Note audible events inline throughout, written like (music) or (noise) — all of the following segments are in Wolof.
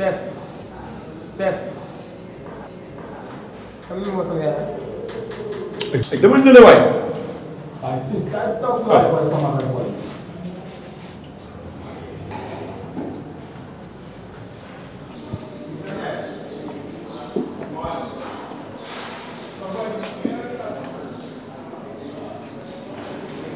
seef seef xam nga moo sama yaay. dama ne la waay. waaw tis kaay toog waay waay sama xarit waay.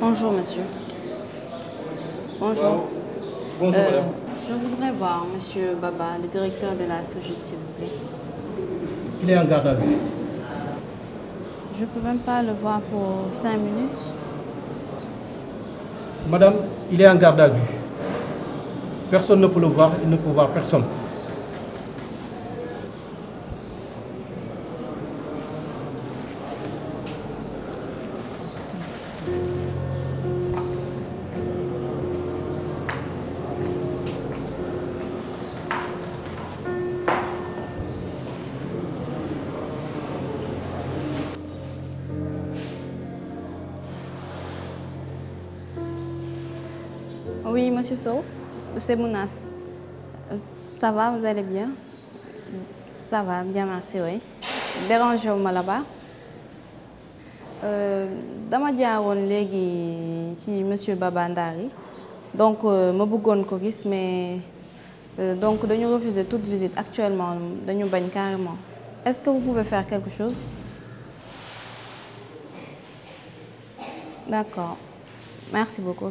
Bonjour monsieur. Bonjour. Je voudrais voir Monsieur Baba, le directeur de la SOGID, s'il vous plaît. Il est en garde à vue. Je ne peux même pas le voir pour cinq minutes. Madame, il est en garde à vue. Personne ne peut le voir, il ne peut voir personne. Oui, Monsieur Sow, c'est Mounas. Ça va, vous allez bien Ça va, bien merci, oui. Dérangez-vous là-bas euh, dama jaaroon léegi ci monsieur Baba Ndari donc euh, ma bëggoon ko gis mais euh, donc dañu refuser tout visite actuellement dañu bañ carrément est-ce que vous pouvez faire quelque chose d'accord merci beaucoup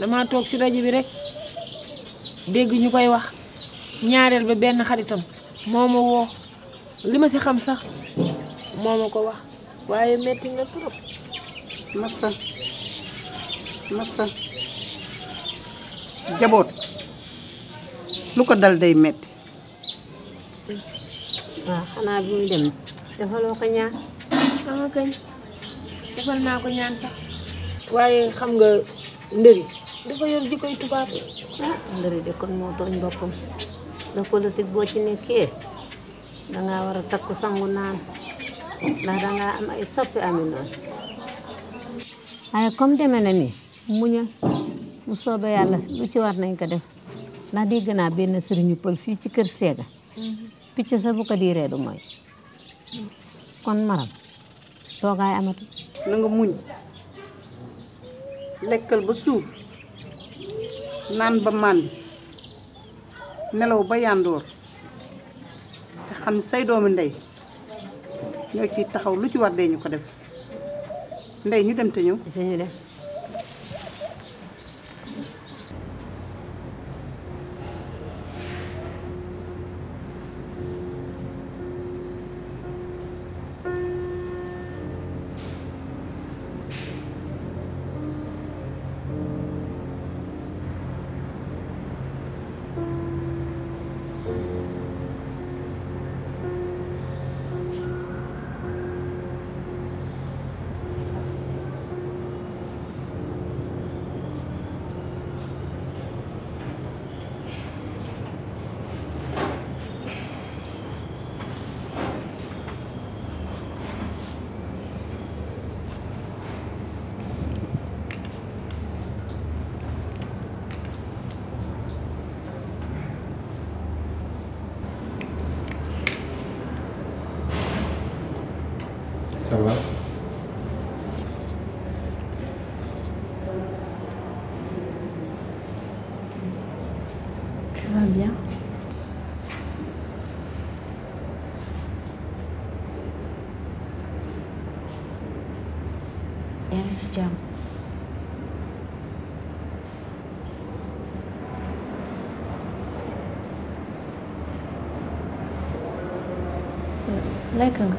damaa toog ci rajo bi rek dégg ñu koy wax ñaareel ba benn xaritam moo ma woo li ma ci xam sax moo ma ko wax waaye metti nga trop massa jaboot lu ko dal day metti waaw xanaa bi muy dem defaloo ko ñaan sama kañ defal naa ko ñaan sax waaye xam nga ndëri dafa yor jikkoy tubaab Ndeye de kon moo tooñ boppam da politique boo ci nekkee dangaa war a takku sangu naan ndax dangaa am ay soppi ami noonu deme na ni muña mu soobee yàlla lu ci war nañ ko def ndax dégg naa benn sëriñu pël fii ci kër seega picc sa bu diiree du mooy kon maram toogaay amatu na muñ lekkal ba suuf naan ba màndi nelaw ba yàndoor te xam say doomi ndey ñoo ciy taxaw lu ci war dee ñu ko def ndey ñu dem te ñëw. ça va. Tu vas bien. yaa ngi ci jàmm. lekk nga.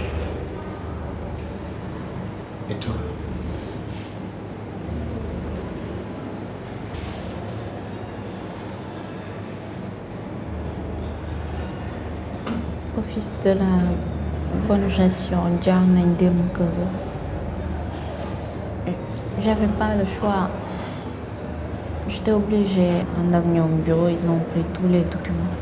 office de la bonne gestion jaar nañ dem kër ga j'avais pas le choix j'étais obligée ànd ak ñoom bureau ils ont pris tous les documents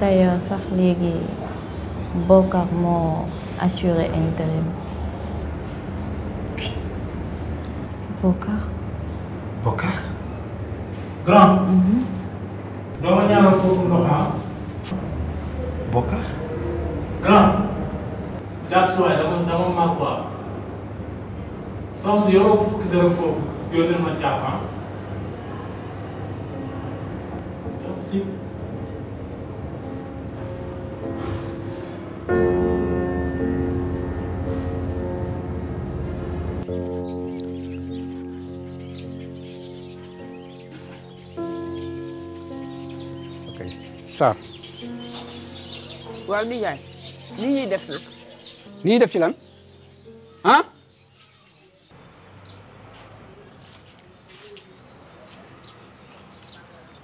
d'ailleurs sax léegi Bokar moo assuré intérim Bokar. Bokar. grand. doo mhm. ma ñaanal foofu ndox ah. Bokar. grand. jàpp si waay dama dama màgg quoi. soo su yoroo fukki Sarr. waaw nijaay li ñuy def nag. li ñuy def ci lan ah.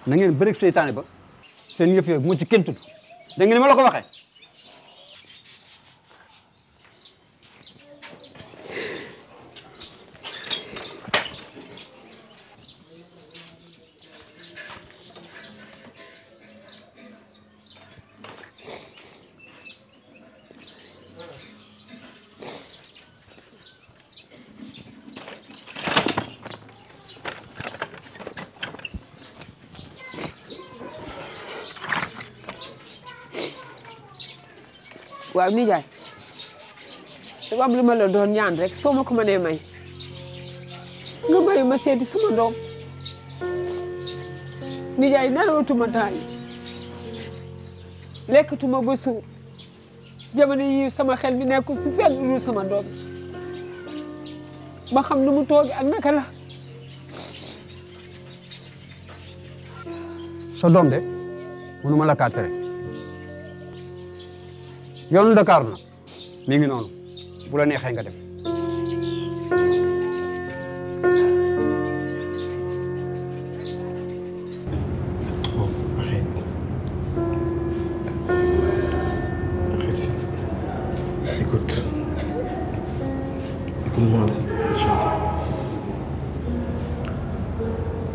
na ngeen bëri seytaane ba seen yëf yooyu bu ci kenn tudd da ngeen ni ma la ko waaw nijaay dafa li ma la doon ñaan rek soo ma ko mënee may nga bàyyi ma seeti sama doom nijaay watuma taal lekkatuma ba suur jamono yi sama xel mi nekkul si fenn dul sama doom ma xam nu mu toogi ak naka la sa doom de mënuma la kaa yoonu Dakar na mi ngi noonu bu la neexee nga dem.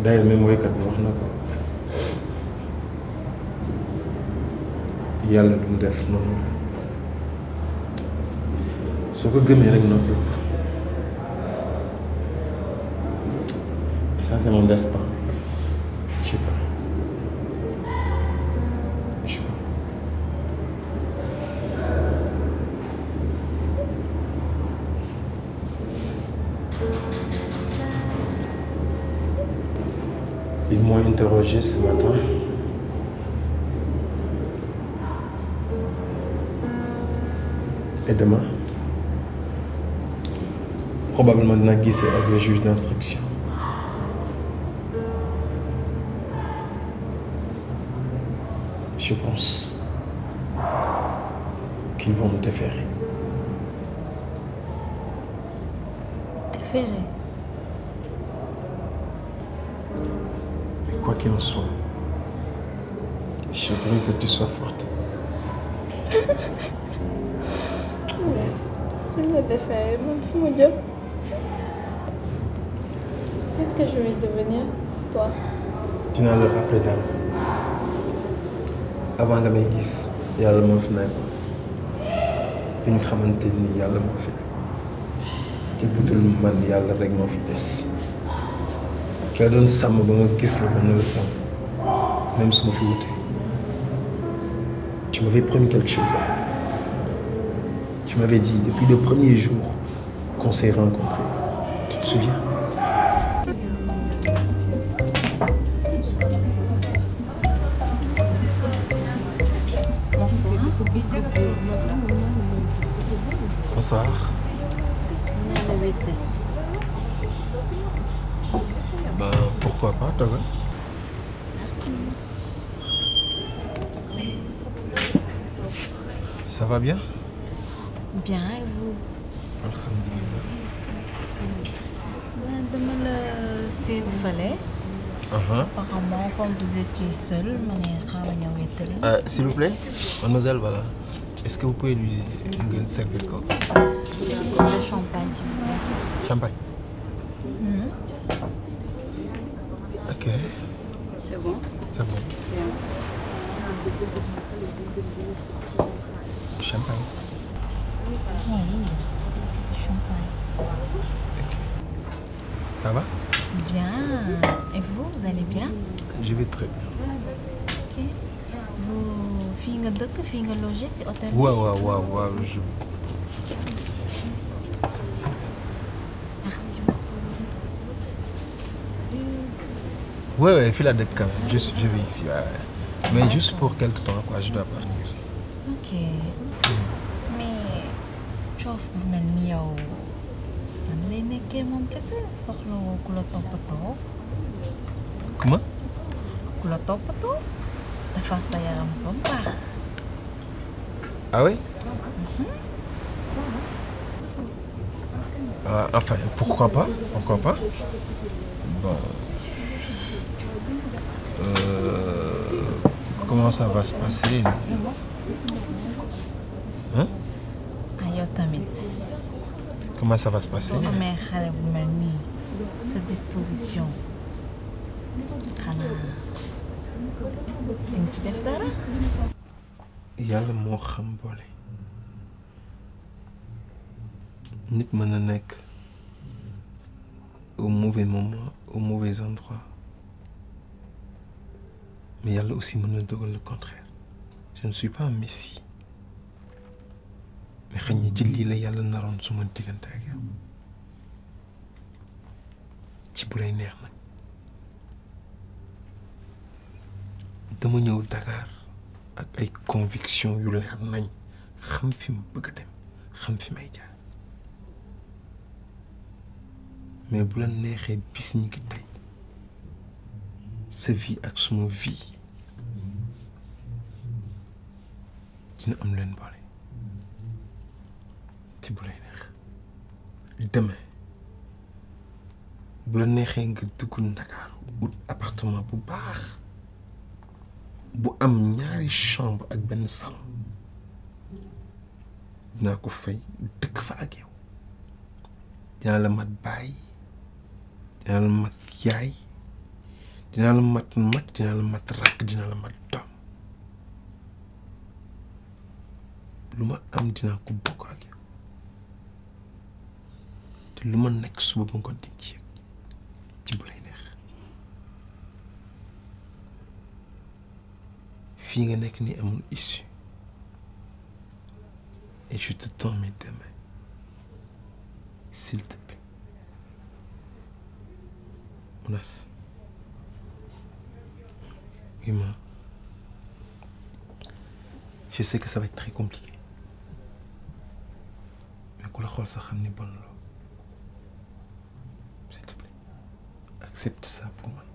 d'ailleurs même woykat bi wax na ko yàlla lu mu def noonu soo ko gëmee rek noppi ça c'est mon destin je sais pas je sais pas ils m'ont interrogé ce probablement dina gisee ak le juge d'instruction je pense qu'ils vont me déférer. Mais quoi qu'il en soit, je voudrais que tu sois forte. (laughs) Qu'est-ce que je vais devenir, toi dinaa la rappeler dara avant nga may yàlla moo fi bi ñu xamante ni yàlla moo fi te budul man yàlla rek moo fi des ki la doon sàmm ba nga gis la ba nga la même su ma fi wutee tu m'avais promis quelque chose tu m'avais dit depuis le premier jour qu'on s'est rencontrés tu te souviens Sarr. naa la wéttali. Bah pourquoi pas toogal. merci. ça va bien. bien et vous. alhamdulilah. waaw dama la seen fële. Uh-huh. apparemment comme vous étiez seule ma ne xaaral s'il vous plaît mademoiselle voilà. Est-ce que vous pouvez lui me servir quoi champagne, s'il vous plaît. Champagne mm -hmm. bon Champagne Oui, champagne. Ok. Ça va Bien. Et vous, vous allez bien Je vais très bien. fii nga dëkk fii nga logé ci hôtel. waaw waaw waaw waaw dëkk quand même je suis je vis ici mais juste pour quelque temps quoi je partir. ok mm. mais coof bu mel ni yow nan lay nekkee moom kese soxla woo ku la toppatoo. comment. ku defar sa yaram ba mu baax. ah oui. Mm-hmm. ah enfin pourquoi pas bon euh, comment va se passer. ah. yow tamit. comment ça va se passer. boo amee xale bu mel nii sa disposition dañ ci def dara. yàlla moo xam boole nit mën na nekk au mauvais moment au mauvais endroit mais yàlla aussi mën na dogal le contraire je ne suis pas un messie mais xëy lii la yàlla naroon suma diggante ak yow neex nag. dama ñëw Dakar ak ay conviction yu leer nañ xam fi mu bëgg dem xam fi may jaar mais bu la neexee bis ñi ki tey sa vie ak suma vie dina am leen boole ci bu lay neex demee bu la neexee nga dugg Dakar wut appartement bu baax bu am ñaari chambre ak benn salon dinaa ko fay dëkk fa ak yow dinaa la mat baay dinaa la mat yaay dinaa la mat mag dinaa la mat rakk dinaa la mat doom lu ma am dinaa ko bokk ak yow te lu ma nekk suba ba ngoon di ci yëg ci fii nga nekk nii amul issue et je te tends mes deux mains s'il te plaît je sais que ça va être compliqué mais ku la xool sa xam ni bon loo accepte ça pour moi.